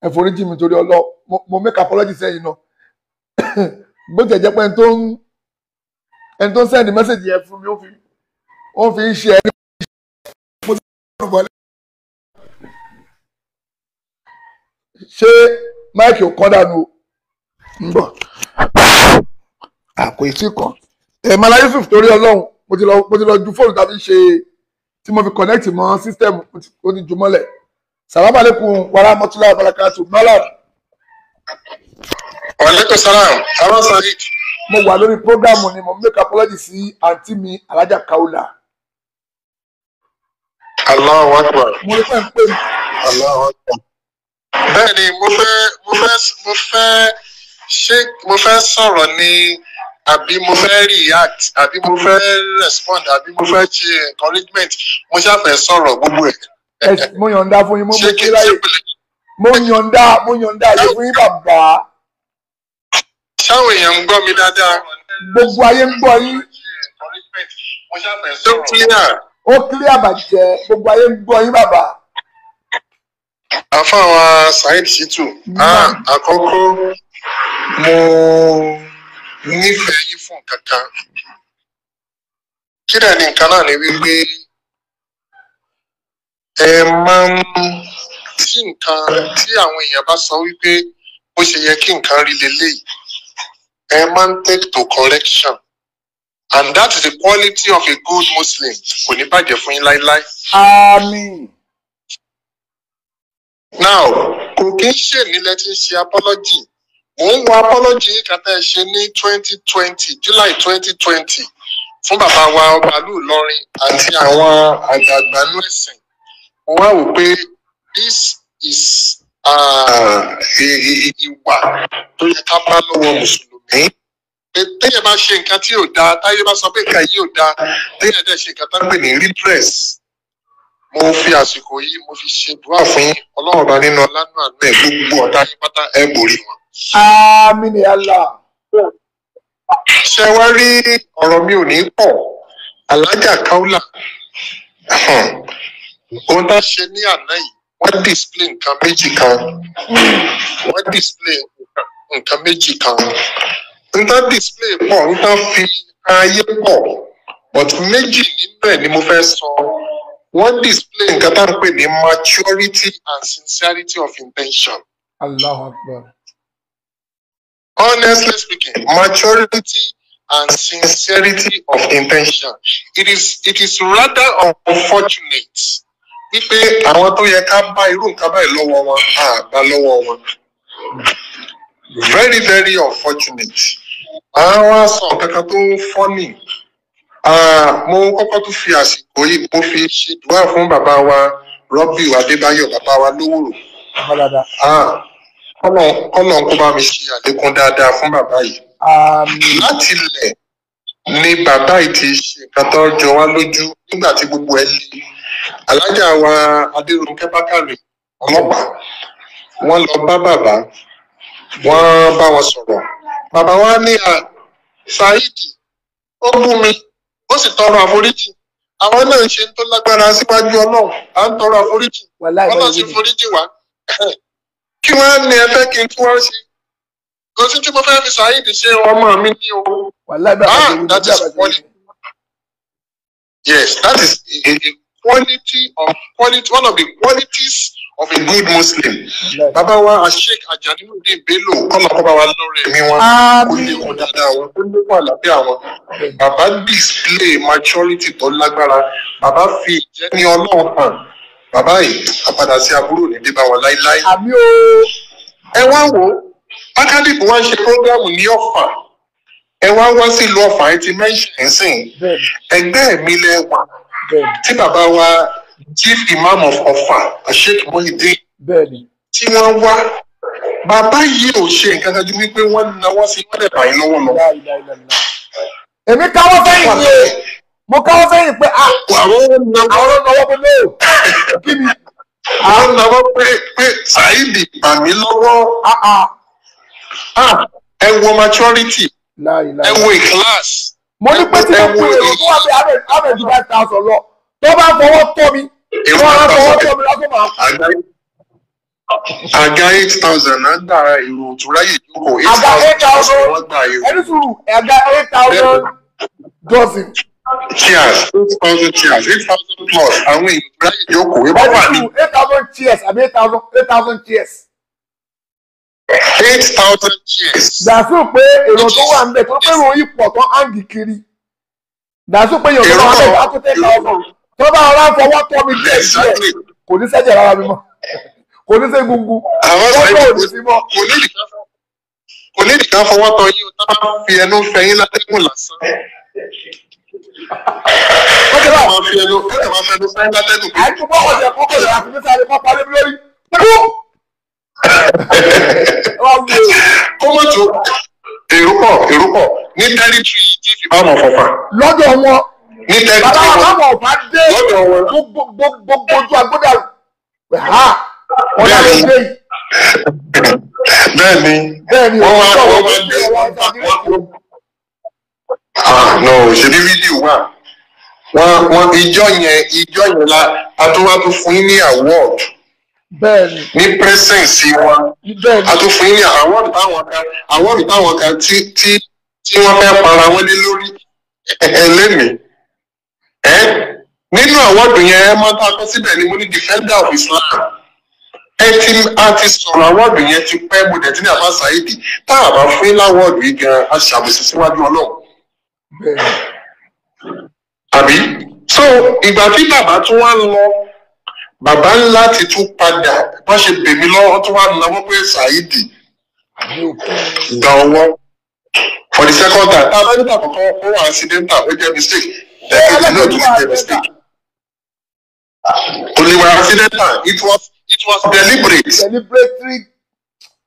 ẹ foríjì mi torí ọlọ mo make apology sẹ́yìn náà bó tẹ̀ jẹ́ pé ẹni tó ń ẹni tó ń send message yẹn fún mi ó fi ó fi ń ṣe ẹni mo ti sọ̀rọ̀ bọ̀ lẹ́yìn. ṣé Mike ò kọ́ dànù o ń bọ̀ àpò ìtì kan ẹ̀ mala Yusuf torí ọlọ́run mo ti lọ ju fóònù tàbí ṣe tí mo fi connect mọ́ system mo ti ju mọ́lẹ̀. Salam alaikum wa rahmatulahi wa barakatu malam. wàlẹ́kùn salam salam sadiq. mo wà lórí programu ni mo make apology sí àǹtí mi alájà kaula. Allahu akbar. mo ní fẹ́ pé mi. Allahu akbar. bẹ́ẹ̀ni mo fẹ́ mo fẹ́ mo fẹ́ ṣé mo fẹ́ sọ̀rọ̀ ni àbí mo fẹ́ react àbí mo fẹ́ respond àbí mo fẹ́ ṣe encouragement mo ṣàfẹ́ sọ̀rọ̀ gbogbo ẹ̀ mo yọ̀ǹda fún yín mo mo ṣe láyè mo yọ̀ǹda mo yọ̀ǹda àyè fún yín bàbá. sáwọn èèyàn ń gbọ́ mi dáadáa. gbogbo ayé ń gbọ́ yín. ó kílíà. ó kílíà bàjẹ́ gbogbo ayé ń gbọ́ yín bàbá. àfàwà Saheed Shittu ah, àkọ́kọ́ mo nífẹ̀ẹ́ yín fún kankan kí ni nǹkan náà ni wípé ẹ máa ń tí nǹkan tí àwọn èèyàn bá sọ wípé bó ṣe yẹ kí nǹkan rí leléyìí ẹ máa ń take to correction and that is the quality of a good muslim kò ní bàjẹ́ fún yín láéláé. àmín. now kò kí ń ṣe nílẹ̀ tí ń ṣe apology mò ń wo apology kàtà ẹ̀ ṣe ní twenty twenty july twenty twenty fún bàbá wa ọba lù lọrin àti àwọn àgbààgbà nú ẹ̀sìn mo wá wò pé this is uh, ìwà tó yẹ ká bá lọ́wọ́ mùsùlùmí téèyàn bá ṣe nǹkan tí ò dáa táyé bá sọ pé nǹkan yìí ò dáa téèyàn dẹ̀ ṣe nǹkan tá ń pè ní redress mo fi àsìkò yìí mo fi ṣe dùá fún ọlọ́run bá nínú ọlánú àná ẹ̀ gbogbo ọ̀tá yín pátá ẹ̀ borí wọn. àmín ni Allah. wá rí ọ̀rọ̀ mi ò ní pọ̀ alájà káúlà ohun tá ṣe ní àná yìí wọ́n display nǹkan méjì kan wọ́n display nǹkan méjì kan n tá display pọ̀ n tá fi ayé pọ̀ but méjì nínú ẹ̀ ni mo fẹ́ sọ wọ́n display nǹkan tá n pè ní maturity and sincerity of intention. Allah Akbar. Honestly speaking, maturity and sincerity of intention. It is it is rather unfortunate wípé àwọn tó yẹ ká bá irú nǹkan báyìí lọ́wọ́ wọn á bá lọ́wọ́ wọn very very unfortunate àwọn aṣọ kankan tó fọ́nì mo kọ́kọ́ tún fi àsìkò yìí mo fi ṣèdúrà fún bàbá wa Rọ́bìù Adébáyọ̀ bàbá wa lówòrò kọ́nà kó bá mi ṣe àlékún dáadáa fún bàbá yìí láti ilẹ̀ ni bàbá yìí ti ṣe nǹkan tó jọ wá lójú nígbà tí gbogbo ẹ le alájà wa adéròǹkẹ́ bákàrè ọlọ́pàá wọ́n lọ bá bàbá wọ́n bá wọn sọ̀rọ̀ bàbá wa ní Saheed ó bú mi ó sì tọrọ àforíjì àwọn náà ń ṣe tó lágbára síwájú Ọlọ́run à ń tọrọ àforíjì Ọlọ́run sì foríjì wá kí wọ́n ní ẹ fẹ́ kí n kí wọ́n ṣe òsì tí mo fẹ́ fi Saheed ṣe ọmọ mi ní o ah that is funny yes that is quality of quality one of the qualities of a good muslim. bàbá wa sheikh ajanudin bello kọ́nà kọ́ba wa lórí ẹ̀mí wọn dáadáa wọn ó lékun àlàáfíà wọn. bàbá display maturity tó lágbára bàbá fi ìjẹ́ni ọlọ́run hàn bàbá yìí àpadà sí àbúrò ní dé bá wọn láíláí. àmì o. ẹ wá wo akadip wa ń ṣe programu ní ọ̀fà ẹ wá wá sílùú ọ̀fà ẹ ti mẹ́ṣẹ̀ ń sìn ẹgbẹ́ mi lẹ wà tí bàbá wa chief imam of Ọ̀fà Sheikh Muhyiddin tí wọ́n wá bàbá yìí ò ṣe nǹkan kan ju wípé wọ́n náwó sí mọ́lẹ̀ báyìí lọ́wọ́ lọ́wọ́. èmi káwọ́ fẹ́yìn ni mo káwọ́ fẹ́yìn pé ah, àwọn náwó mi lò kí ni. àwọn náwó pé pé Saheed bà mí lọ́wọ́ ah, ah. ẹ wo maturity ẹ wo ìkíláàsì mo ní pé tí mo kú èrò tó wà pé abẹ́ ju five thousand lọ tó bá fọwọ́ tọ́ mi tó bá fọwọ́ tọ́ mi lásán máa kú. àga eight thousand náà dára èrò tó ráyè jókòó eight thousand ẹni sùúrù àga eight thousand dozen. cheers eight thousand cheers eight thousand plus àwọn èèyàn ráyè jókòó. ẹni sùúrù eight thousand cheers àbí eight thousand eight thousand cheers eight thousand years. dàsù pé èrò tó wà ń bẹ tó pé òun ipò ọ̀tán áǹgì kiri dàsù pé yorùbá wà bẹ wà tó tẹ̀lé ọ̀sán tó bá ọ̀rá fọwọ́ tọ́ mi díẹ̀ díẹ̀ kò ní sẹ́jẹ̀ rárá mi mọ́ kò ní sẹ́ gungun lọ́jọ́ òní sí mọ́. kò ní ìdíkan fọwọ́ tọ́ yín o tábà fi ẹnu fẹ̀yìn látẹ́gùn lásán. wọ́n ti rà wọ́n fi ẹnu fẹ̀yìn látẹ́gùn. àìkú bọ́ọ̀lù ẹ̀kọ́ kò lè àfi mi sáré kọ́ parí lórí kọ́mọ̀tò èrò pọ̀ èrò pọ̀ ní tẹ́rìtì tí fi bá mọ̀ fọ̀fà. lọ́dọ̀ wọn ní tẹ́rìtì wọn bàbá bàbá wọn bá dé gbogbo ojú agbódà ha ọ̀dà ló dé yìí. bẹ́ẹ̀ni bẹ́ẹ̀ni wọ́n wá wọ́n wá dé wọ́n. ah no ṣèlú fídíò wà wọn wọn ìjọ yẹn ìjọ yẹn la àtúwàtú fún yín ní award bẹ́ẹ̀ni ní presence wọn a tún fún yín àwọn táwọn kan àwọn táwọn kan tí tí tí wọ́n fẹ́ para wọn lé lórí ẹlẹ́mìí ẹ nínú àwọ́dù yẹn ẹ máa tá a kọ síbẹ̀ ni mo ní defender of Islam ẹ ti a ti sọ̀rọ̀ àwọ́dù yẹn ti pẹ́ mo dẹ̀ ti ní àbá Saidi tá a bá fún yín láwọ́dù yìí gan a ṣàbùsí síwájú ọlọ́run àbí so ìgbà tí bàbá tún wá ń lọ bàbá ńlá ti tún padà wọ́n ṣe bèmí lọ́wọ́ tó wà náwó pé Saidi gba ọwọ́ for the second time tá a bá nígbà kọ́kọ́ ó wà accidental ó jẹ́ mistake ẹ̀ẹ́dì náà tún jẹ́ mistake kò lè wà accidental it was it was deliberate. deliberately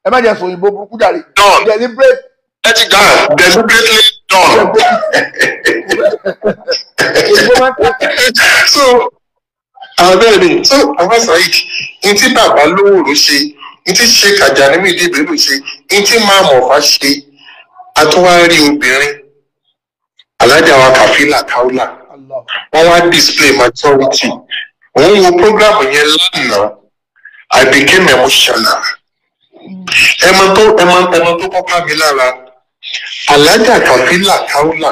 ẹ má jẹ́ sòyìnbó burúkú jàre. done deliberate. ẹ ti gbà deliberately done. so abẹ́rẹ́ ah, ni so professor yìí ní tí bàbá lówòrò ṣe ní tí ṣe kàjàní mi dìbò ìlú ṣe ní tí máa mọ̀fà ṣe àtúwárí obìnrin alájà wa kàfílà káúlà wọ́n wá display maturity òun wo program yẹn lánàá I became emotional hmm. ẹmọ tó ẹmọ ẹmọ tó kọ́kọ́ mi lára alájà kàfílà káúlà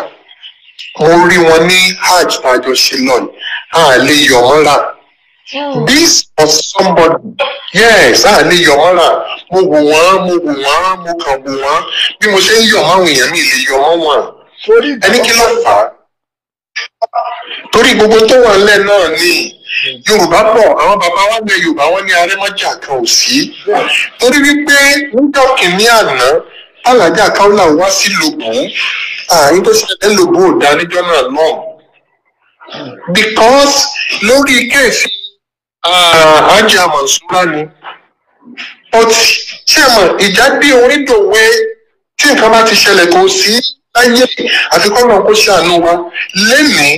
mo rí wọn ní hajj tá a jọ yọ̀ ọ́ rà. This was somebody. Yes, a ní yọ̀ wọ́n rà. Mo wò wọ́n, mo wò wọ́n, mo kàn wò wọ́n. Bí mo ṣe ń yọ̀ máwọn èèyàn mi lè yọ̀ wọ́n wọn. Ẹni kí ló fà á? Torí gbogbo tó wà nílẹ̀ náà ni Yorùbá bọ̀, àwọn bàbá wa ní Yorùbá wọn ní arẹ́mọ́jà kan ò sí. Torí wípé níjọ́ kìíní àná, Alájà Káúlà wá sí Lòbù. Àyín tó ṣẹlẹ̀ Lòbù ò dá níjọ́ náà náà. Because lórí kéèsì Ah, Hajia Mansura ni but ṣé mọ̀ ìjà bí onídòwe tí nǹkan bá ti ṣẹlẹ̀ kò sí láyé àfikún náà kó ṣàánú wa lẹ́nìí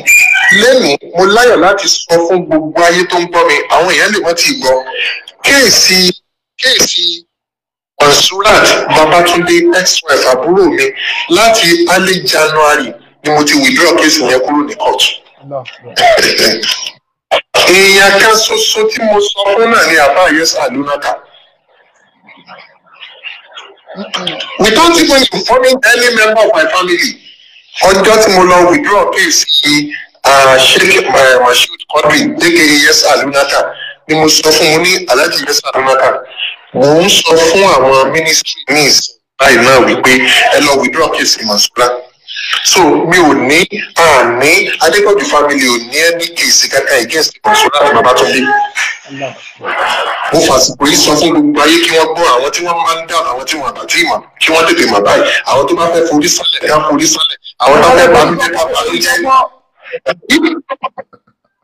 lẹ́nìí mo láyọ̀ láti sọ fún gbogbo ayé tó ń gbọ́ mi àwọn èèyàn lè wọ́n ti gbọ́ kéèsì kéèsì Mansurat Babatunde ex-wife àbúrò mi láti early January ni mo ti withdraw kéèsì yẹn kúrò ní kóòtù. èèyàn kan ṣoṣo tí mo sọ fún náà ni àbá yẹsà lónàkà. we don't even inform any member of my family ọjọ́ tí mo lọ withdraw case yìí sheik mashood kọ́bí léke yẹsà lónàkà ni mo sọ fún mo ní aláàjì yẹsà lónàkà mo ń sọ fún àwọn ministry ní ìsìn báyìí náà wípé ẹ lọ withdraw case Mansura so mi ò ní àní adépọ̀jù family ò ní ẹni kèsì kankan against consular àti babatunde mo fàsìkò yìí sọ fún gbogbo ayé kí wọ́n gbọ́ àwọn tí wọ́n máa ń dá àwọn tí wọ́n àbàtì ìmọ̀ kí wọ́n tètè mọ̀ báyìí àwọn tó bá fẹ́ forí sálẹ̀ ká forí sálẹ̀ àwọn tó fẹ́ bá mi fẹ́ ká bá jẹ́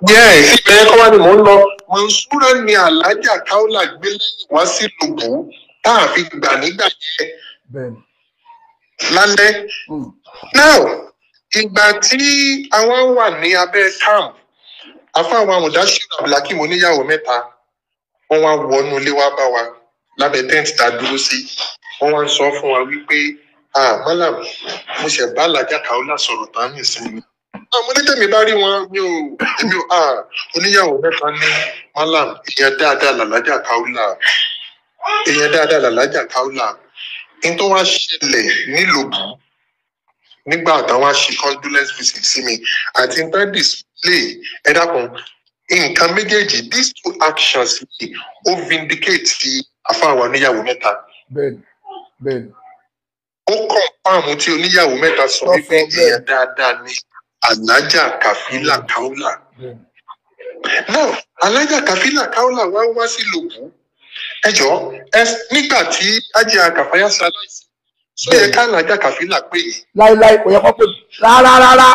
yẹ́ẹ̀ síbẹ̀ ẹ̀kọ́ wa ni mò ń lọ Mansoura ni alájà Kaola gbé lẹ́yìn wá sí lùbù tá a fi gbà nígbà yẹn lálẹ́ now ìgbà tí àwa wà ní abẹ́ tam àfáwọn amòdáṣẹ́ abdulhakeem oníyàwó mẹ́ta wọ́n wá wọnú ilé wá bá wa lábẹ́ tẹ́ǹtì tá a dúró sí wọ́n wá sọ fún wa wípé malam mo ṣe bá alájà kàólà sọ̀rọ̀ tán nísìnyí àwọn onítẹ̀mí bá rí wọn mi ò mi ò oníyàwó mẹ́ta ní malam ìyẹn dáadáa làlájà kàólà ìyẹn dáadáa làlájà kàólà ní tó wá ṣẹlẹ̀ nílùú nígbà táwọn ṣe condolence visit sí mi àti nǹkan display ẹ dákun nǹkan méjèèjì these two actions yìí ó vindicate ti àfáàwọ̀ oníyàwó mẹ́ta. bẹ́ẹ̀ni bẹ́ẹ̀ni. ó kọ̀ǹpáàmù tí oníyàwó mẹ́ta sọ wípé èèyàn dáadáa ni alájà kàfílà káúlà. now alájà kàfílà káúlà wá wá sí lòkù ẹjọ́ nígbà tí ajá kàfáyà ṣaláìsí ṣó yẹ ká làjà kàfínà pé. láíláí kò yẹ kó pè rárá rárá.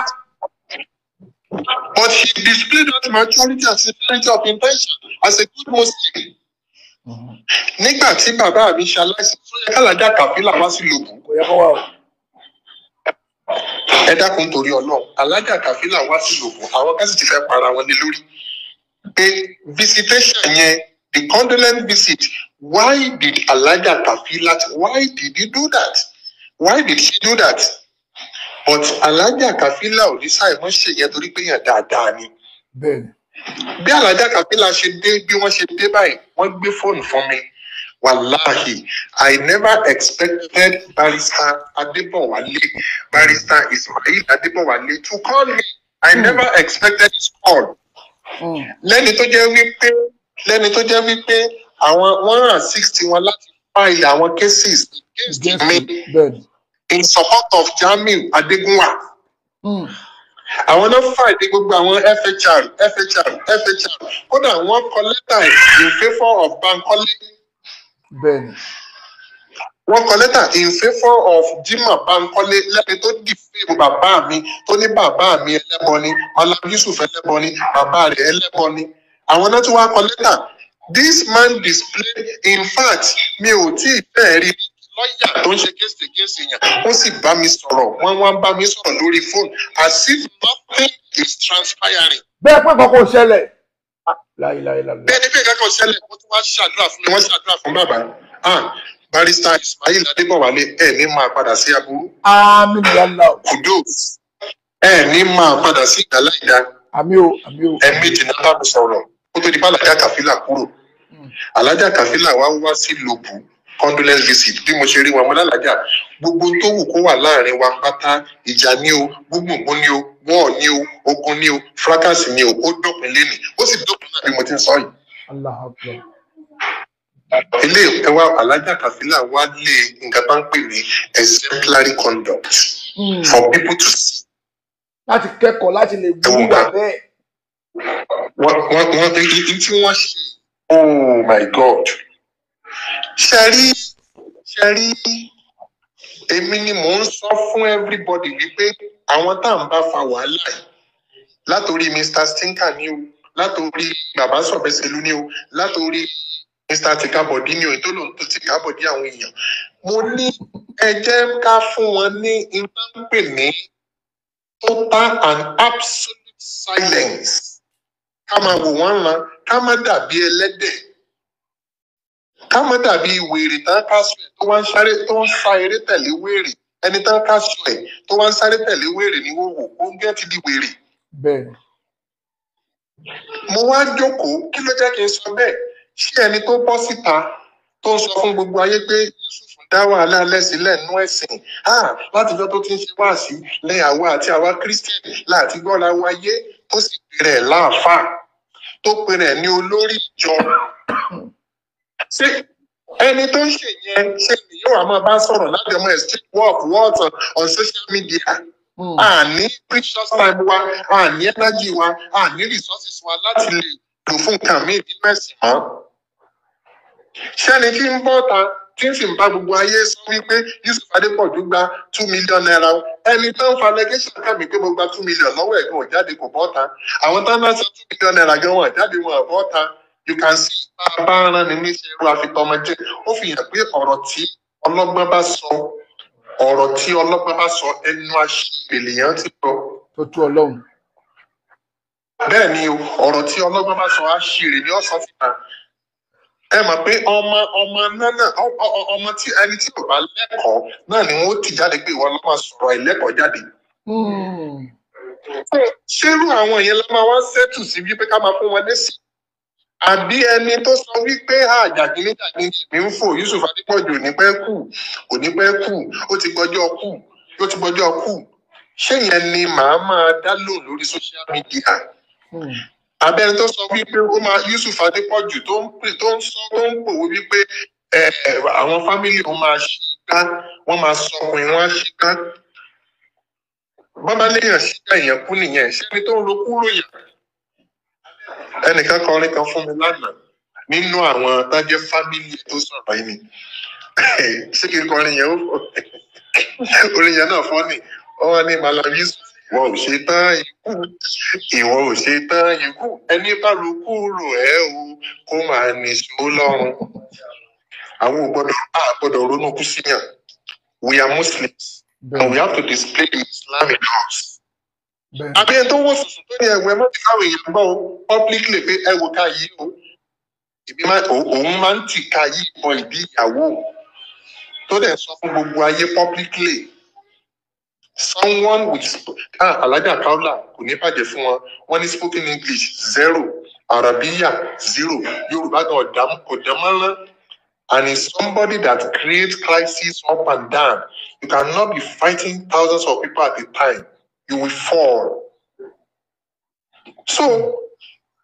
But he displayed that maturity and sincerity of intention as a good Muslim. Nígbà tí bàbá mi ṣaláìsí, ṣó yẹ ká làjà kàfínà wá sí lòkù. Kò yẹ kó wà o ẹ dákun torí Ọlọ́run alájà kàfílà wá sí lògùn àwọn kan sì ti fẹ́ para wọn ní lórí pé visitation yẹn the condolence visit why did alájà kàfílà why did he do that why did she do that but alájà Kafila ò ní ṣàìmọ̀ ṣe yẹn torí pé yàn dáadáa ni bí alájà Kafila, ṣe dé bí wọ́n ṣe dé báyìí wọ́n gbé fóònù fún mi wàláhì i never expected barrister adébọ̀wálé barrister ismail adébọ̀wálé to call me i mm. never expected his call hmm. lẹ́ni tó jẹ́ wípé lẹ́ni tó jẹ́ wípé àwọn wọ́n rà sixty wọn láti fáìlì àwọn cases against, against me Good. in support of Jamiu Adegunwa. Mm. Àwọn náà fàìdí gbogbo àwọn FHR FHR FHR kódà wọ́n kọ lẹ́tà in favour of Bankole. Bẹ́ẹ̀ni. Wọ́n kọ lẹ́tà in favour of Jimoh Bankole lẹ́ni tó dìfẹ́ bàbá mi tó ní bàbá mi ẹlẹ́bọ ni Ọlá Yusuf ẹlẹ́bọ ni bàbá rẹ̀ ẹlẹ́bọ ni. Àwọn náà tún wá kọ lẹ́tà this man displayed in fact mi ò tí ì bẹ́ẹ̀ rí lọ́ọ̀yà tó ń ṣe kéèsì kéèsì yẹn ó sì bá mi sọ̀rọ̀ wọ́n wá ń bá mi sọ̀rọ̀ lórí fóònù as if nothing is transpiring. bẹ́ẹ̀ pé kọ́kọ́ ṣẹlẹ̀. Ah, bẹ́ẹ̀ ni bẹ́ẹ̀ kọ́kọ́ ṣẹlẹ̀ wọ́n tún wá ṣàdúrà fún mi wọ́n ṣàdúrà fún bàbá barista Ismail Adébọ̀wálé ẹ̀ ní máa padà sí aburú. àmín yàrá o. Kudus ẹ̀ ní máa padà sí ìdálá ìdá. àmín o àmín o. ẹ̀mí ìdènà bá mi sọ̀rọ̀ kó tó di bá alájà kàfílà kúrò hmm. alájà kàfílà wa ń wá sí lòbù condolence visit bí mo ṣe rí wọn ọmọlálàjà gbogbo tó wù kó wà láàrin wa pátá ìjà ni o gbùngbùn ni o wọ́ọ̀ ni o ogun ni o fracas ni o ó dópin lénìí ó sì dópin náà bí mo ti ń sọ yìí. ilé ìpẹ́wà alájà kàfílà wá lé nǹkan tó ń pè ní exemplary conduct mm. for people to see. láti kẹ́kọ̀ọ́ láti lè gbúgbà bẹ́ẹ̀. wọ́n wọ́n wọ́n tí wọ́n ṣe oh my God ṣe rí ṣe rí èmi ni mò ń sọ fún everybody wípé àwọn tá à ń bá fa wàhálà yìí látòrí Mr Stinker ni o látòrí bàbá sọ̀bẹ́sẹ̀lú ni o látòrí Mr tìkàbọ̀dí ni o tó lòun tó tìkàbọ̀dí àwọn èèyàn mo ní ẹ jẹ́ ká fún wọn ní iná ń pè ní total and absolute silence ká máa wò wọ́n ran ká má dàbí ẹlẹ́dẹ̀ẹ́ kámọ́ dàbí wèrè tán kásù ẹ̀ tó wá ń sáré tó ń sá eré tẹ̀lé wèrè ẹni tán kásù ẹ̀ tó wá ń sáré tẹ̀lé wèrè ni wọ́n wò ó ń gẹ́ ti di wèrè. bẹ́ẹ̀. mo wá jókòó kí ló jẹ́ kí n sọ bẹ́ẹ̀ ṣé ẹni tó bọ́ síta tó ń sọ fún gbogbo ayé pé Yusuf dá wàhálà lẹ́sílẹ̀ nú ẹ̀sìn láti tó ti ń ṣe wáàsí lẹ́yìn àwa àti àwa Christian láti gbọ́ra wáyé tó sì pèrè láàfáà tó pèrè ní olórí ìjọ ṣé ẹni tó ń ṣe yẹn ṣe ni yóò àmọ́ bá sọ̀rọ̀ láti ọmọ exchange work words on, on social media àní hmm. mm. precious time wa àní energy wa àní resources wa láti lè lò fún nǹkan míì nínú ẹ̀sìn mọ́ ṣẹ́ni tí ń bọ́ ta tí ń sì ń bá gbogbo ayé sọ wípé Yusuf Adépọ̀jù gba two million naira ẹni tó ń fa allegation kàmí pé mo gba two million lọ́wọ́ ẹ̀ gan ò jáde kò bọ́ ta àwọn tó ń bá sọ two million naira gan wọn jáde wọn ò ta you can see bá a rán ni níṣẹ́ irú àfitọ́mọ jẹ́ ó fi hàn pé ọ̀rọ̀ tí ọlọ́gbọ́n bá sọ ọ̀rọ̀ tí ọlọ́gbọ́n bá sọ ẹnu àṣìlè lèèyàn ti gbọ́. tó tú ọlọ́run. bẹ́ẹ̀ ni ọ̀rọ̀ tí ọlọ́gbọ́n bá sọ àṣìlè ni ó sọ fi hàn ẹ mọ̀ pé ọmọ ọmọ náà ọmọ tí ẹni tí kò bá lẹ́kọ̀ọ́ náà ni wọ́n ti jáde pé ìwọ lọ́mọ sọ̀rọ̀ ẹ̀lẹ́kọ̀ọ́ jáde hmm. ṣerú àwọn yẹn la máa wá ṣẹ́tù sí wípé ká máa fún wọn lésì àbí ẹni tó sọ wípé àjàgídíjàgídí mi ń fò Yusuf Adépọ̀jù ní pẹ́ kù kò ní pẹ́ kù ó ti gbọ́jọ́ kù ó ti gbọ́jọ́ kù ṣé yẹn ni màá máa dá lò lórí social media abẹ́ni hmm. tó sọ wípé ó máa Yusuf Adépọ̀jù tó ń pè tó ń sọ tó ń pòwó wípé àwọn fámìlì wọn máa ṣí igbá wọn máa sọkùnrin wọn á ṣí igbá bọ́bá léèyàn ṣí igbá èèyàn kú nìyẹn ṣé ẹni tó ń ro kúrò yàrá ẹnìkan kọ orin kan fún mi lánàá nínú àwọn tájẹ́ fámìlì tó sọ̀rọ̀ yìí ni ṣé kí n kọ orin yẹn ó orin yẹn náà fọ́nì ó wà malawi wọn ò ṣe tán ikú ìwọ ò ṣe tán ikú ẹni bá lu kúrò ẹ o kó máa nìṣó lọ́rùn àwọn ò gbọ́dọ̀ ronú kú síyàn we are muslims and we have to display the Islamic us àbí ẹni tó wọ sùsùn tó ní ẹwẹ mọ káwọn èèyàn gbọ́ public lè pé ẹwọ ká yìí o èmi máa òun máa ń tì ká yìí bọ ìbí ìyàwó tó dẹ̀ sọ fún gbogbo ayé publicly someone with ah alájà kaula kò ní bàjẹ́ fún wọn wọ́n ní spoken english zero arabiya zero yorùbá náà kò dámọ́rán and is somebody that creates crisis up and down you cannot be fighting thousands of people at a time you will fall. so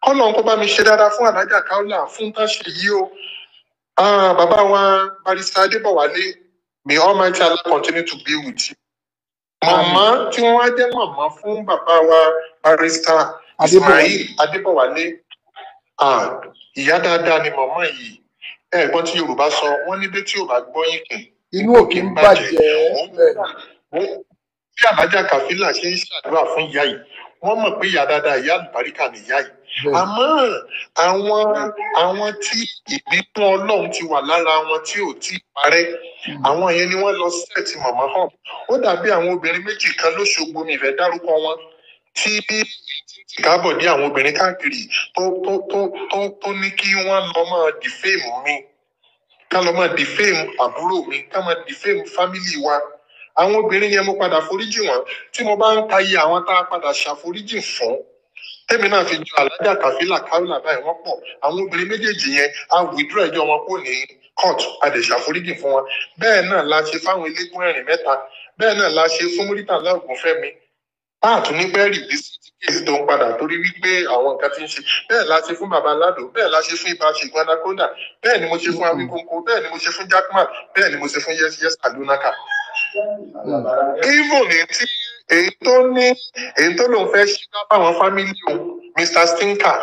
kọ́nà kó bá mi ṣe dáadáa fún alájà Kaola fún táṣì yìí o ah, bàbá wa barista Adébọ̀wálé may all my Allah continue to be with you. màmá tí wọ́n á jẹ́ màmá fún bàbá wa barista Ismail Adébọ̀wálé ah, ìyá dáadáa ni màmá yìí ẹ̀gbọ́n tí Yorùbá sọ wọ́n ní bí tí ò bá gbọ́ yìí kẹ̀ inú òkè ń bàjẹ́ bí alájà kàfílà ṣe ń ṣàdúrà fún ìyá yìí wọ́n mọ̀ pé ìyá dáadáa ìyá àlùbáríkà ni ìyá yìí àmọ́ àwọn àwọn tí ìbínú Ọlọ́run ti wà lára wọn tí ò tí ì parẹ́ hmm. àwọn yẹn ni wọ́n lọ sẹẹtì màmá hàn ó dàbí àwọn obìnrin méjì kan lóṣogbo mi ìfẹ́ dárúkọ wọn tí káàbọ̀ dé àwọn obìnrin káàkiri tó tó tó tó tó ní kí wọ́n lọ máa dìféèmù mi ká lọ máa dìféèmù àbúrò mi ká máa dìféèmù fámìlì wa àwọn obìnrin yẹn mo padà foríjì wọn tí mo bá ń ka iye àwọn tá a padà ṣàforíjì fún tèmi náà fi ju alájà kàfílà kàfílà báyìí wọ́n pọ̀ àwọn obìnrin méjèèjì yẹn á wìdúrà ẹjọ́ wọn kò ní court àdèṣà foríjì fún wọn bẹ́ẹ̀ náà la ṣe fáwọn eléégún ẹ̀rìn mẹ́ta bẹ́ẹ̀ náà la ṣe fún mórítà láògùn fẹ́mi páàtù ní bẹ́ẹ̀rì bí sí ti kéèsì tó ń padà torí wípé àwọn nǹkan ti ń ṣe bẹ́ẹ̀ la ṣe fún baba ládò bẹ́ẹ̀ la ṣe fún ibà ṣègùn anaconda bẹ́ẹ̀ ni mo ṣe fún awíkóńkó bẹ́ẹ̀ ni mo ṣe fún jackman bẹ́ẹ̀ ni mo ṣe fún yes yes adonaka even etí èyí tó ní èyí tó lòun fẹ́ ṣíná fáwọn fámílì o Mr Stinker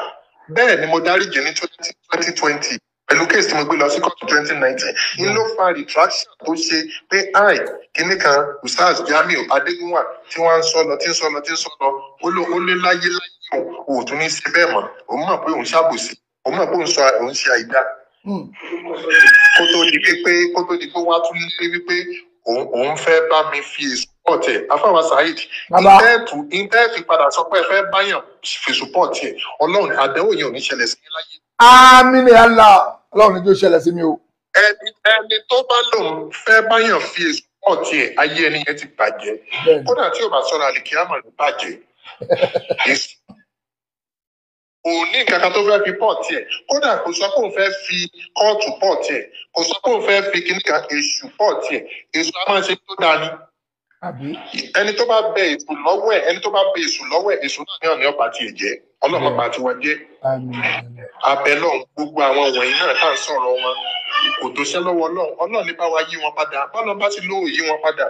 bẹ́ẹ̀ ni mo dáríjì ní twenty twenty pẹ̀lú case tí mo gbé lọ sí court twenty nineteen n ló fa retraction tó ṣe pé i kìíní kan usaz Jamiu Adégúnwà tí wọ́n ń sọ lọ tí ń sọ lọ tí ń sọ lọ ó ló ó lé láyé láyé o ò tún ní ṣe bẹ́ẹ̀ mọ́ òun mọ̀ pé òun ṣàbòsí òun mọ̀ pé òun sọ òun ṣe àìdá hmm. kó tó di pé kó tó di pé wọ́n á tún lé wípé òun fẹ́ bá mi fi support ẹ̀ afáwa saheed ìtẹ́ẹ̀tù ìtẹ́ẹ̀tù padà sọ pé ẹ fẹ́ báyàn fi support ẹ̀ ọlọ́run àdẹ́wò yẹn ò ní ṣẹlẹ̀ sí láyé. àmín ni àlá ọlọ́run ní tó ṣẹlẹ̀ sí mi o. ẹni ẹni tó bá lòun fẹ́ báyàn fi support ẹ̀ ayé ẹni yẹn ti bàjẹ́ kódà tí ò bá sọ̀rọ̀ àlìkíyàmọ̀ ló bàjẹ́ kò ní nǹkan kan tó fẹ́ fi pọ̀ tiẹ̀ kódà kò sọ pé òun fẹ́ fi kóòtù pọ̀ tiẹ̀ kò sọ pé òun fẹ́ fi kíní kan èṣù pọ̀ tiẹ̀ èṣù á máa ṣe tó dání. ẹni tó bá bẹ èṣù lọ́wọ́ ẹ̀ ẹni tó bá bẹ èṣù lọ́wọ́ ẹ̀ èṣù náà ní ọ̀nà ọba tiẹ̀ jẹ́ ọlọ́mọ ọba tiwọn jẹ́ abẹ lọ́hùn gbogbo àwọn wọ̀nyí náà tá à ń sọ̀rọ̀ wọn kò tó ṣẹ́ lọ́wọ́ ọlọ́run ọlọ́run ní bá wa yí wọn padà bọ́lá bá ti lóò yí wọn padà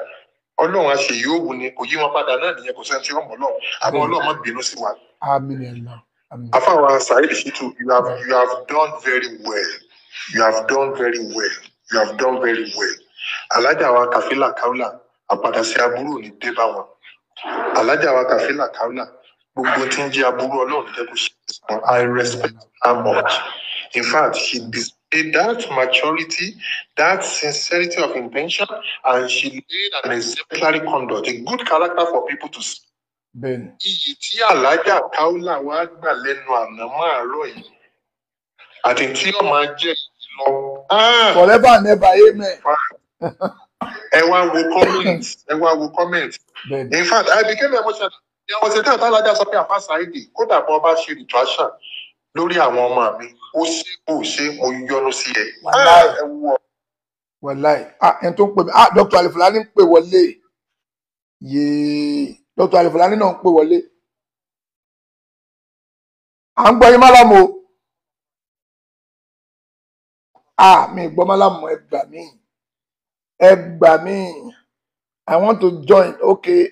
ọlọ́run àṣeyí òwú ni kò yí wọn padà náà nìyẹn kò sẹ́ni tí wọ́n mọ̀ ọlọ́run àmọ́ ọlọ́run má bínú sí wa. Afawa Said Shitu, you have you have done very well. You have done very well. You have done very well. Alájà wa Kàfílà Kaula àpàdà sí ní dé bá wa Kàfílà Kaula gbogbo aburú ọlọ́run I respect her much. In fact, she displayed that maturity, that sincerity of intention, and she laid an exemplary conduct, a good character for people to see. Bẹ́ẹ̀ni. Iyì tí Alájà Káólà wá gbà lẹ́nu àná máàárọ̀ yìí àti tí ó máa jẹ́ iyì lọ. Ah! Forever and ever, amen. Ẹ wá wo comment, ẹ wá wo comment. In fact, I became emotional. Ìyàwó ṣe tẹ́lẹ̀ tálájà sọ pé àfáà Ṣáìdì kódà bọ́ bá ṣe retraction lórí àwọn ọmọ mi, ó ṣe kò ṣe mo yọnu sí ẹ. Wàláì. Ah, Wàláì. Ah, ẹni tó ń pè mí, ah, Dr. Alifulani ń pè wọlé. Yéé dr alifọláni náà ń pè wọlé à ń gbọ́ yín málàmù o à mi gbọ́ málàmù ẹ gbà mí ẹ gbà mí i want to join okay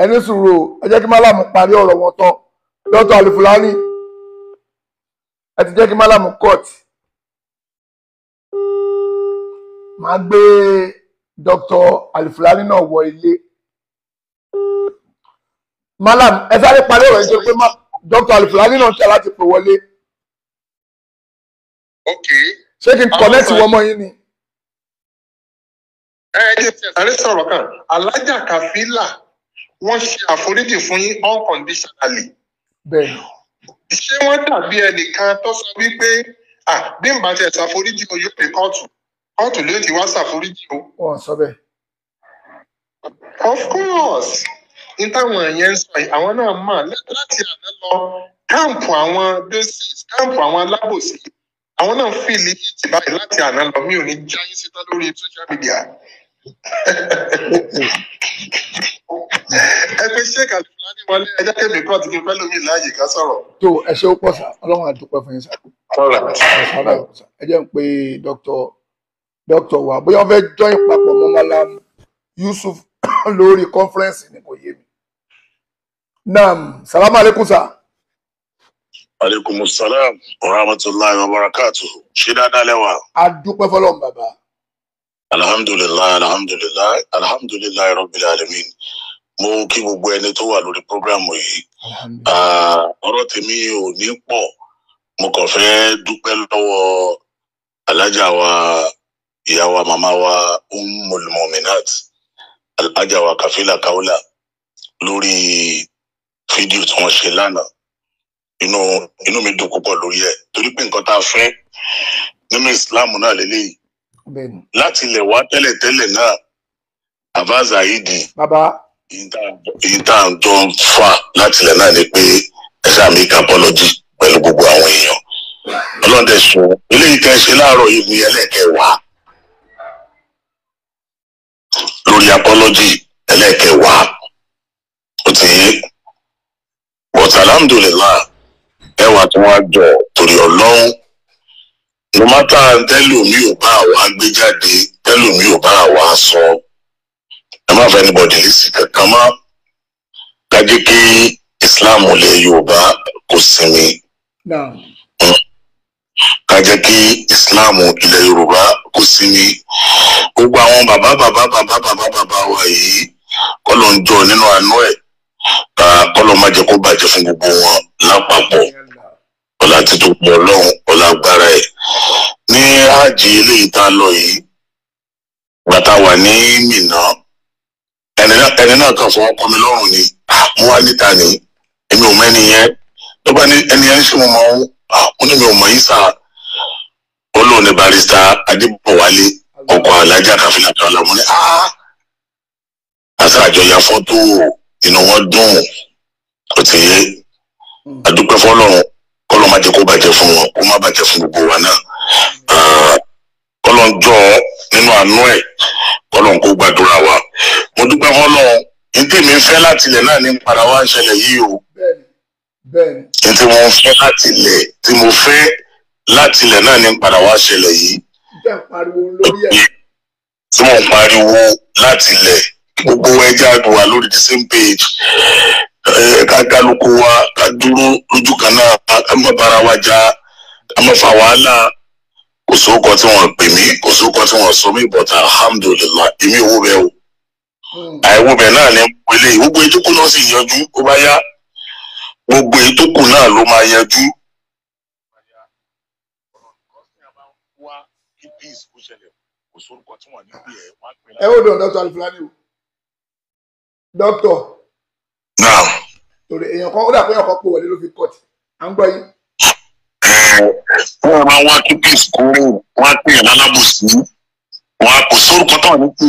ẹni sùúrù ẹ jẹ́ kí málàmù parí ọ̀rọ̀ wọn tán dr alifọláni ẹ ti jẹ́ kí málàmù court máa gbé. Dr. Alifulani náà wọ ilé malam ẹ sáré parí ọ̀rọ̀ yìí pé Dr. Alifulani náà ṣe láti pè wọlé ṣé kí n kọ́nẹ́tì wọ́n mọ́ yín ni. ẹ eh, ẹ jẹ́ sáré sọ̀rọ̀ kan alájà kàfílà wọ́n ṣe àforíjì fún yín unconditionally. bẹ́ẹ̀ ṣé wọ́n dàbí ẹnìkan tó sọ wípé bí n bá tẹ̀ ṣàforíjì o yóò kóòtù kóòtù ló ti wá ṣàforíjì o. wọn sọ bẹ́ẹ̀. of course ní táwọn yẹn ń sọ yìí àwọn náà mà láti àná lọ káàmpù àwọn doses káàmpù àwọn alábòsí àwọn náà fìlì ìtì báyìí láti àná lọ mi ò ní jáyé síta lórí social media. ẹ pé sheik alifulani wọlé ẹ jẹ́ kébì kọ́ọ̀tù kí n fẹ́ lómi láàyè ká sọ̀rọ̀. tó ẹ ṣe ó pọ̀ sá ọlọ́run àdúpẹ́ fún yín sá. ọ̀rọ̀ ẹ jẹ́ ń pe dr Doctor wa bóyá wọ́n fẹ́ join papọ̀ mọ́ malam yusuf lórí conference ni kò yé mi. naam salaam aleykum sa. aleykum salaam wa rahmatulahi wa barakatuh ṣé dáadáa lẹ́wà. a dúpẹ́ fọlọ́n bàbá. alhamdulilayi alhamdulilayi rabbil alamin mo kí gbogbo ẹni tó wà lórí programu yìí ọ̀rọ̀ tèmi ò ní pọ̀ mo kàn fẹ́ dúpẹ́ lọ́wọ́ alájà wa ìyá wa màmá wa Ummul Muminat alaja wa Kafila kaula lórí fídíò tí wọ́n ṣe lánàá inú inú mi dùn púpọ̀ lórí ẹ̀ torí pé nǹkan tá a fẹ́ nínú Islam náà lélẹ́yìí láti ilẹ̀ wá tẹ́lẹ̀tẹ́lẹ̀ náà bàbá Zahidi èyí tá à ń jọ ń fà láti ilẹ̀ náà ni pé ẹ̀sà mi kà pẹ̀lú gbogbo àwọn èèyàn ọlọ́dẹ sọ eléyìí tẹ́ ṣe láàárọ̀ yìí ní ẹlẹ́kẹ̀ẹ́ wàá. méjì ẹlẹ́ẹ̀kẹwàá ó ti yé but alhamdulilah ẹwà tí wọ́n á jọ torí ọlọ́run no matter tẹ́lómi ò bá wa gbé jáde tẹ́lómi ò bá wa sọ ẹ má fẹ́ anybody lísì kankan mọ́ ká jẹ́ kí islam ilẹ̀ yorùbá kò sinmi. No. Mm ká jẹ́ kí islam ilẹ̀ yorùbá kó sí ni gbogbo àwọn bàbá bàbá bàbá bàbá bàbá wa yìí kọ́lọ̀ ń jọ nínú àánú ẹ̀ ká kọ́lọ̀ má jẹ́ kó bàjẹ́ fún gbogbo wọn lápapọ̀ ọ̀la títú pọ̀ ọlọ́run ọ̀la agbára ẹ̀ ní hajj eléyìí tá a lọ yìí bàtà wà ní Mínà ẹni náà kan fọwọ́ kọ́ mi lọ́rùn ni ah, mo wá níta ni èmi ò mẹ́ni yẹn tó bá ní ẹni yẹn ń ṣe mo máa mo ní mi ò mọ̀ yín sà olóòn ní barista adébọ̀wálé ọkọ̀ alájà káfíńlá tó ọlọ́mọ ní àṣàjọ ya fọ́tò inú wọn dùn kò tí yé adúpẹ́ fọlọ́run kọ́lọ́ má jẹ́ kó bàjẹ́ fún wọn kó má bàjẹ́ fún gbogbo wa náà ah, kọ́lọ́ ń jọ nínú àánú ẹ̀ kọ́lọ́ ń kó gbàdúrà wa mo dúpẹ́ fọlọ́run ní tèmi ń fẹ́ náà ní padà wá ń ṣẹlẹ̀ yìí o kí tí mo fẹ́ láti ilẹ̀ tí mo fẹ́ láti ilẹ̀ náà ní padà wá ṣẹlẹ̀ yìí tí mo pariwo láti ilẹ̀ gbogbo ẹja àdùwà lórí the same page ká kálukú wa ká dúró lójú kan náà ká má bára wa já ká má fa wàhálà kò sóòkọ tí wọ́n pè mí kò sóòkọ tí wọ́n sọ mí but alhamdulilah èmi ò wò bẹ́ẹ̀ o hmm. àìwò bẹ́ẹ̀ náà ní wọlé gbogbo ìjókòó náà yanjú ó bá yá gbogbo èyí tó kù náà ló máa yanjú. ẹ ó dọ̀ dr alifulani o dr. naam. torí èèyàn kan ó dà pé èèyàn kan pò wọlé ló fi kọ́ọ̀tì à ń gbọ́ yín. wọ́n máa wá kí peace kó wọ́n á pè é lálábòsí wọ́n á kò sórúkọ táwọn ní pè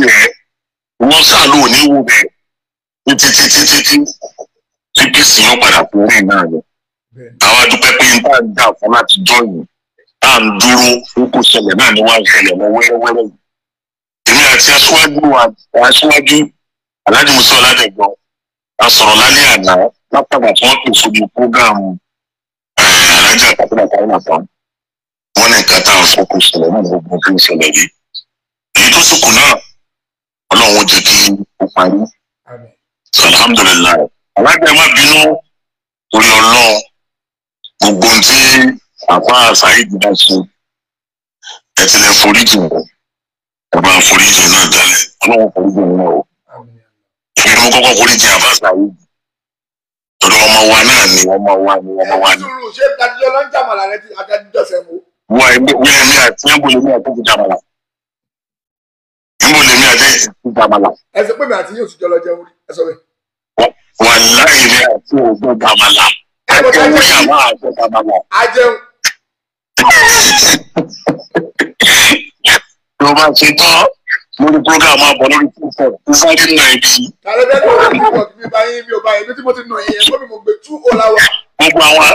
wọ́n sáà ní wò bẹ́ẹ̀ títí títí títí cpc ló padà kúrò náà ni àwọn adúpẹ́ pé n bá ń dà fún láti jọyìn tá à ń dúró fún kó ṣẹlẹ̀ náà ni wọ́n ń ṣẹlẹ̀ lọ wẹ́rẹ́wẹ́rẹ́ yìí èmi àti aṣíwájú aṣíwájú alhaji musa ọládẹgbọ a sọ̀rọ̀ lálẹ́ àná lápàdà tí wọ́n pè sóbi prógáàmù alhaji àtàkùnà kàrínà tán wọ́n ní nǹkan tá à ń sọ kó ṣẹlẹ̀ náà ni gbogbo fi ń ṣẹlẹ̀ yìí èyí tó sì kù náà ọlọ́run ó jẹ́ kí ó parí alhamdulilayi alájà má bínú orí ọlọ́run gbogbo ohun tí àpá àṣàyè ti bá ṣe ẹ ti lè foríjì wọn ẹ bá foríjì náà jalè ọlọ́run foríjì náà o èmi ló kọ́kọ́ foríjì àpá àṣàyè torí ọmọ wa náà ni ọmọ wa ni ọmọ wa ni. ṣé dadijọ́ ló ń jàmàlà rẹ àtàdíjọ́ sẹ́mu. wọ́n ẹgbẹ́ wíwẹ̀ mi àti ẹ̀bùn lèmi àti ẹ̀bùn jàmàlà ẹ̀bùn lèmi àti ẹ̀bùn jàmàlà. ẹ sọ pé mi àti yóò ti jọ lọ jẹun rí ẹ sọ bẹ́ẹ̀ wàláyé ni àti ògùn bàmàlà ẹjẹ ní àmà àti bàmàlà. ló bá ṣe tán lórí programme àbọ̀ lórí púpọ̀ ìsáré nà ẹ̀ bí. kàlẹ́bí ẹ̀ka wà fún ọ̀gbìn mi báyìí mi ò báyìí bí tí mo ti nà yẹn fún mi mo gbé tú ọ̀la wa. gbogbo àwọn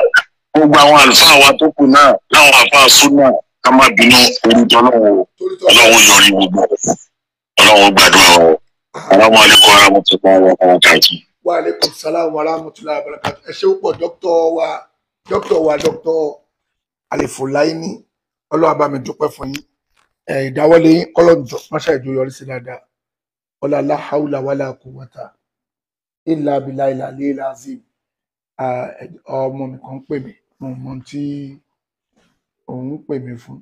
gbogbo àwọn àlùfáà wa tó kù náà láwọn àfáà sún náà ká má bínú orítọ́ ọlọ́run ọlọ́run yọrí gbogbo ọlọ́run gbàdúrà ọ̀ ọlọ́run alẹ́kọ̀ọ́ ara mọ̀ tó bá wà káàkiri wa aleykum salaam wa rahmatullahi wa barakatuh ẹ ṣé púpọ̀ dókítà wa dókítà wa dókítà Alifulaini ọlọ́wà bá mi dúpẹ́ fún yín ìdáwọ́lé yín kọ́lọ́dún máṣá ìjọyọrí sí dáadáa ọlá aláhàúlà wàlá quwwata ìlà abilà ìlà lílà azim ọmọ mi kan pè mí mo mọ tí òun pè mí fún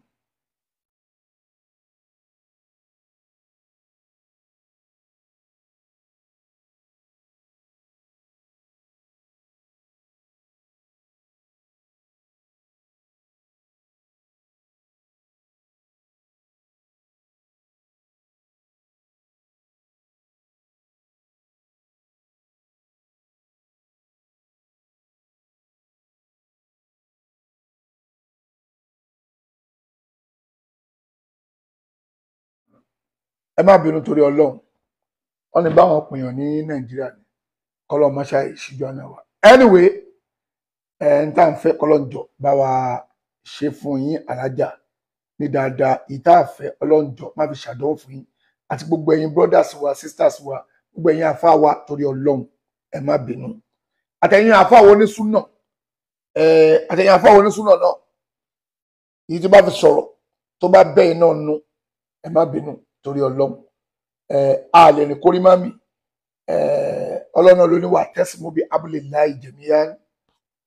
ẹ má bínú torí Ọlọ́run wọn ní báwọn pèèyàn ní Nàìjíríà ni kọlọ mọṣá ìṣíjú ọ̀nà wa anyway ẹ n tá à ń fẹ́ kọlọńjọ bá wa ṣe fún yín alájà ní dáadáa ìta àfẹ ọlọ́njọ má fi ṣàdánwò fún yín àti gbogbo ẹ̀yin brothers wa sisters wa gbogbo ẹ̀yin àfa wa torí Ọlọ́run ẹ má bínú àtẹ̀yin àfa wo ní súnà àtẹ̀yin àfa wo ní súnà náà yìí tó bá fi sọ̀rọ̀ tó bá bẹ́ẹ̀ náà nu ẹ má bínú torí ọlọ́run a lè rìn kórí má mi ọlọ́run náà ló ní wà tẹ́sìmọ́ bí abúlé láì jẹ̀míyá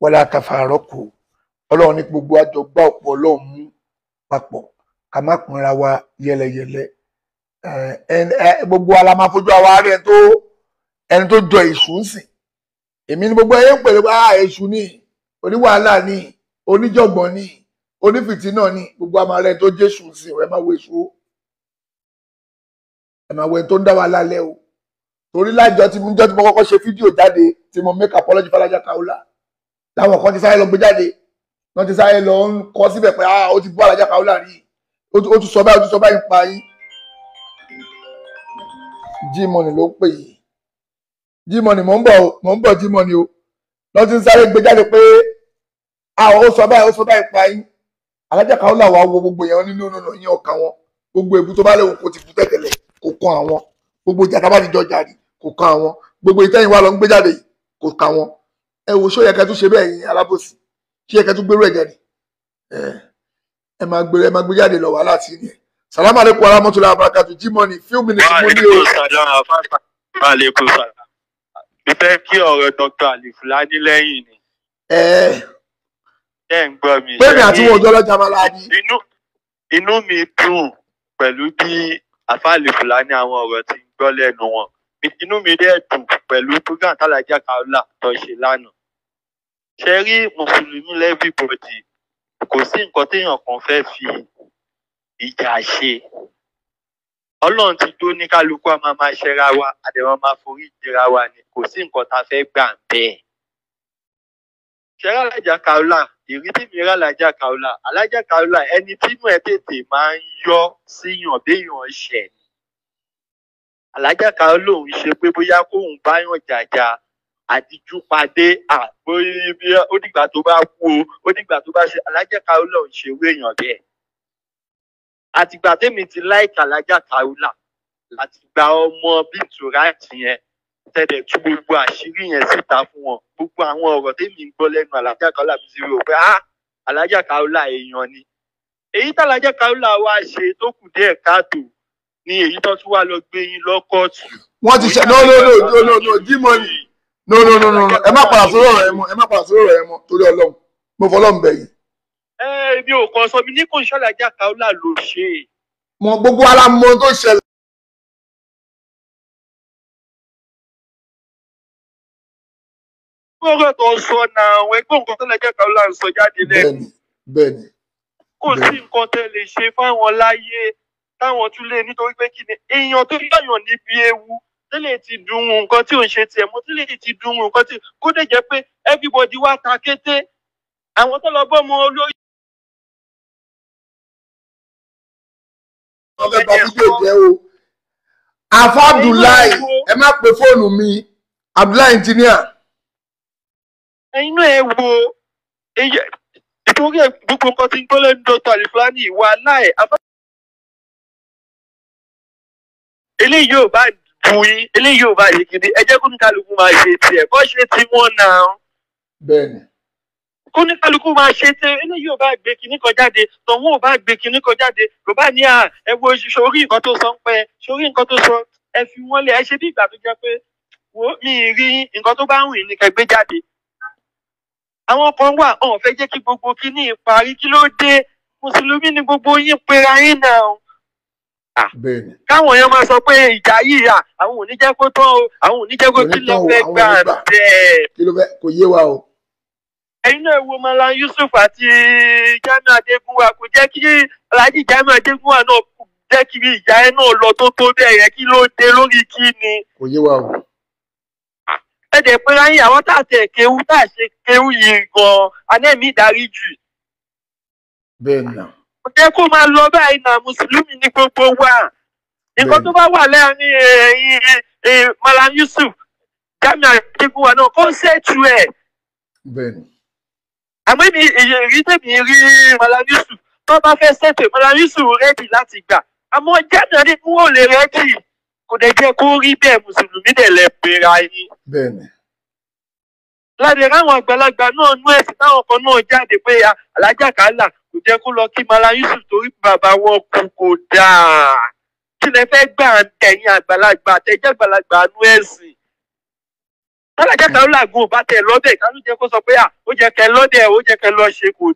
wọlé akàfàrọ́ kù ọlọ́run ní gbogbo àjọ gbá òpó ọlọ́run mú papọ̀ ká má pinra wa yẹlẹyẹlẹ gbogbo ala máa fojú àwa rẹ tó ẹni tó jọ èṣù ń sìn èmi ni gbogbo ẹyẹ ń pèrè wá ah, èṣù ní oníwàhálà ní oníjọ̀gbọ̀n ní onífìtínà ní gbogbo àmàlẹ tó jésù ń sìn ẹ wo èṣù o ẹ máa wẹ tó ń dá wa lálẹ́ o torí lájọ tí mo jọ tí mo kọ́kọ́ ṣe fídíò jáde tí mo make apology falaja kaola láwọn kan ti sáré lọ gbé jáde wọ́n ti sáré lọ ń kọ síbẹ̀ pé ah ó ti bú alaja kaola rí ó tún sọ báyìí ó tún sọ báyìí pa yín Gmoney ló ń pè yìí Gmoney mò ń bọ̀ mò ń bọ̀ Gmoney o lọ ti sáré gbé jáde pé ah ó sọ báyìí ó sọ báyìí pa yín alaja kaola wà wo gbogbo yẹn nínú ọ̀nà yẹn ọkàn wọn gbogbo èbú tó bá léwu kò ti kú tẹ́ kò kan àwọn gbogbo ìjà tá a bá ti jọ jàre kò kan àwọn gbogbo ìtẹ́yìn wa lọ ń gbé jáde kò kan àwọn ẹ wo ṣó yẹ kẹ́ tún ṣe bẹ́ẹ̀ yín alábòsí ṣó yẹ kẹ́ tún gbérú ẹ̀jẹ̀ ni ẹ máa gbé ẹ máa gbé jáde lọ wàhálà sí ni ẹ salamu aleykum abarakatu jimoh few minutes mo ní o. aleykum salam mi fẹ́ kí ọ̀rọ̀ dr alifulani lẹ́yìn ni. ẹ ẹ ń gbọ́ mi. pé mi àti wọn ò jọ lọ́jà máa la inú mi dùn pẹ̀lú bí àáfàá àlìfùlà ní àwọn ọ̀rọ̀ tí ń gbọ́ lẹ́nu wọn inú mi dẹ̀ dùn pẹ̀lú program tàlàjà kaola tó ṣe lánàá ṣe rí mùsùlùmí lẹ́bí bòdì kò sí nǹkan téèyàn kan fẹ́ fi ìjà ṣe ọlọ́run ti tó ní kálukú a máa máa ṣẹra wa àdẹ̀wọ̀n máa forí jẹra wa ni kò sí nǹkan tá a fẹ́ gbà bẹ́ẹ̀ ṣẹ́rà lẹ́jà kaola ìrí tèmi rà lájà Kaola alájà Kaola ẹni tínú ẹ tètè máa ń yọ síyàn béèyàn ṣẹ ni alájà Kaola òun ṣe pé bóyá kóun báyàn jàjà àtijú padé àgbóyébíà ó dìgbà tó bá kú o ó dìgbà tó bá ṣe alájà Kaola òun ṣe wé èèyàn bẹ́ẹ̀ àtìgbà tèmi ti láìka alájà Kaola àtìgbà ọmọ bíi tùràtì yẹn tẹ̀dẹ̀ tú gbogbo àṣírí yẹn síta fún wọn gbogbo àwọn ọ̀rọ̀ tèmi ń gbọ́ lẹ́nu alájà Kaola mi sí rò pé ah alájà Kaola èèyàn ni èyí tálájà Kaola wá ṣe tó kù díẹ̀ káàtó ni èyí tó tún wá lọ gbé yín lọ́kọ̀ọ̀tù. wọ́n ti ṣe no no no no no G-Money no no no no ẹ má padà sórí ọ̀rọ̀ ẹ ẹ má padà sórí ọ̀rọ̀ ẹ torí Ọlọ́run mo fọlọ́run bẹ̀ yìí. ẹ mi ò kàn sọ mi ní kò ń ṣàlàjà ọ̀rọ̀ tó ń sọ náà àwọn ẹgbẹ́ nǹkan tó lè jẹ́ kan láǹsọ jáde lẹ́nu. bẹ́ẹ̀ni kò sí nǹkan tẹ́ lè ṣe fáwọn láyé táwọn tún lé nítorí pé kí ni èèyàn tó yàyàn níbi ewu tẹ́lẹ̀ ti dùn nǹkan tí ò ń ṣe tiẹ̀ mọ́ tẹ́lẹ̀ ti dùn nǹkan tí kó dẹ̀ jẹ́ pé everybody wá ta kété àwọn tó lọ bọ́ ọmọ olóyè. ọbẹ̀ bàbúgbò jẹ́ o àfàdùláì ẹ má pe fóònù mi abdullahi engineer ẹ̀yin náà ẹ wo ìfowópamọ́ gbogbo nǹkan tí ń gbọ́ lẹ́nu dr alifulani wà láì eléyìí yóò bá bu yín eléyìí yóò bá yín gidi ẹ jẹ́ kó ní kálukú máa ṣe tiẹ̀ kó ṣe ti wọ́n náà. bẹ́ẹ̀ni. kó ní kálukú máa ṣe tiẹ̀ eléyìí yóò bá gbé kinní kan jáde tọ̀hún ò bá gbé kinní kan jáde kò bá ní à ẹ wo sórí nǹkan tó sọ ń pẹ́ sórí nǹkan tó sọ ẹ fi wọ́n lé ẹ ṣe bí ìgbà tó jẹ́ pé wo mi rí nǹkan tó bá ń rìn ní kẹgbẹ́ jáde àwọn kan wà ọ̀n fẹ́ jẹ́ kí gbogbo kíní parí kí ló dé mùsùlùmí ni gbogbo yín pera yín náà káwọn èèyàn máa sọ pé ìjà yìí à àwọn ò ní jẹ́ kó tán o àwọn ò ní jẹ́ kó kí ló fẹ́ gbà bẹ́ẹ̀. kí ló fẹ́ kò yé wa o. ẹ̀yin náà wo Malam Yusuf àti Jamiu Adegunwa kò jẹ́ kí Alhaji Jamiu Adegunwa náà jẹ́ kí ìjà ẹ náà lọ tó tó bẹ́ẹ̀ yẹ kí ló dé lórí kí kò yé wa o ẹ dẹ̀ pé ráyìn àwọn tá a tẹ̀ kéwú tá a ṣe kéwú yìí gan-an anẹ́mí ìdarí jù. bẹ́ẹ̀ ni. kò jẹ́ kó máa lọ báyìí náà mùsùlùmí ní gbogbo wa nǹkan tó bá wà lẹ́yìn ẹ̀yìn Malam Yusuf Jamiu Adigun wa náà kó ṣètù ẹ̀. bẹ́ẹ̀ ni. àmọ́ èmi èyí tèmi rí Malam Yusuf tó bá fẹ́ ṣètò Malam Yusuf rẹ́dì láti gbà àmọ́ Jamiu Adigun ò lè rẹ́dì kò dẹ̀ jẹ́ kó rí bẹ́ẹ̀ mùsùlùmí dẹ̀ lẹ pera yín. bẹ́ẹ̀ni. láti ráwọn àgbàlagbà náà nú ẹ̀sìn táwọn kan náà jáde pé alájà kálà kò jẹ́ kó lọ kí mala yusuf torí bàbá wọn kú kò dáa kí lẹ fẹ́ gbà ń tẹ̀yìn àgbàlagbà àtẹ̀jẹ́ àgbàlagbà nú ẹ̀sìn. alájà kálà làgùn bá tẹ̀ lọ́dẹ̀ kálù jẹ́ kó sọ pé ó jẹ́ kẹ lọ́dẹ̀ ó jẹ́ kẹ lọ ṣe kò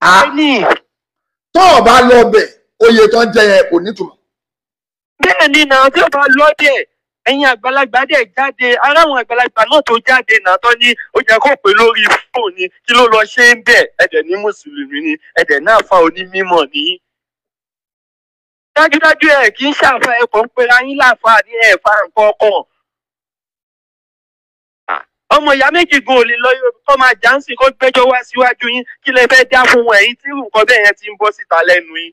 dáa. kí tó o bá lọ bẹ̀ oyè tán jẹ yẹn kò nítumọ̀. bẹ́ẹ̀ ni náà tí o bá lọ bẹ̀ ẹ̀yin àgbàlagbà dẹ̀ jáde ara àwọn àgbàlagbà náà tó jáde nàtọ́ ni ó yẹ kó pè lórí fóònù kí ló lọ ṣe ń bẹ̀ ẹ̀dẹ̀ ní mùsùlùmí ni ẹ̀dẹ̀ náà fa onímọ̀ ní. dájúdájú ẹ kì í ṣàfà ẹkọ ń pera yín láǹfààní ẹ nǹkan kan ọmọ ìyá méjì gan ò lè lọ máa jà kó gbẹ́jọ́ wá síwájú yín kí lè fẹ́ dá fún ẹ̀yin tí nǹkan bẹ́ẹ̀ yẹn ti ń bọ́ síta lẹ́nu yín.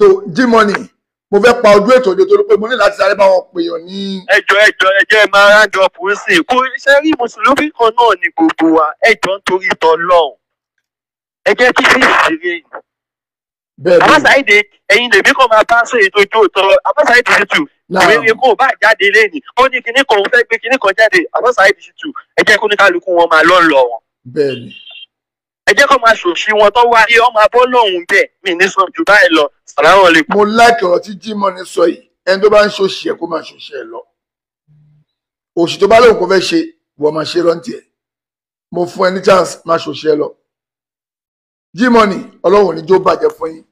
so G-Money mo fẹ́ pa ojú ètò òjòjò pé mo ní láti sáré bá wọn pèèyàn ní. ẹjọ ẹjọ ẹjọ ẹ máa round up ń sìn kó ṣe rí mùsùlùmí kan náà ní gbogbo wa ẹjọ ń torí tọ lọ́hùn ẹjẹ kí fíìsì rèé abasaide ẹyin lèmi kò máa bá ṣe ètò ìjó ìtọrọ abasaide ṣètù èmi kò bá jáde lẹ́yìn ó ní kinní kan òun gbé kinní kan jáde abasaide ṣètù ẹ jẹ́ kó ní kálukú wọn máa lọ́ lọ wọn. bẹ́ẹ̀ni. kó máa ṣòṣì wọn tó wáyé ọmọ abọ́ lòun bẹ́ẹ̀ mi ní sọ jù báyìí lọ sàlámọ̀ lè. mo láìkè ọ̀rọ̀ tí jimoh ní sọ yìí ẹni tó bá ń ṣòṣì ẹ kó máa ṣòṣì ẹ lọ òṣì tó bá lóun kò fẹ́ ṣe wọ́n ni jó bàjẹ́ fún yín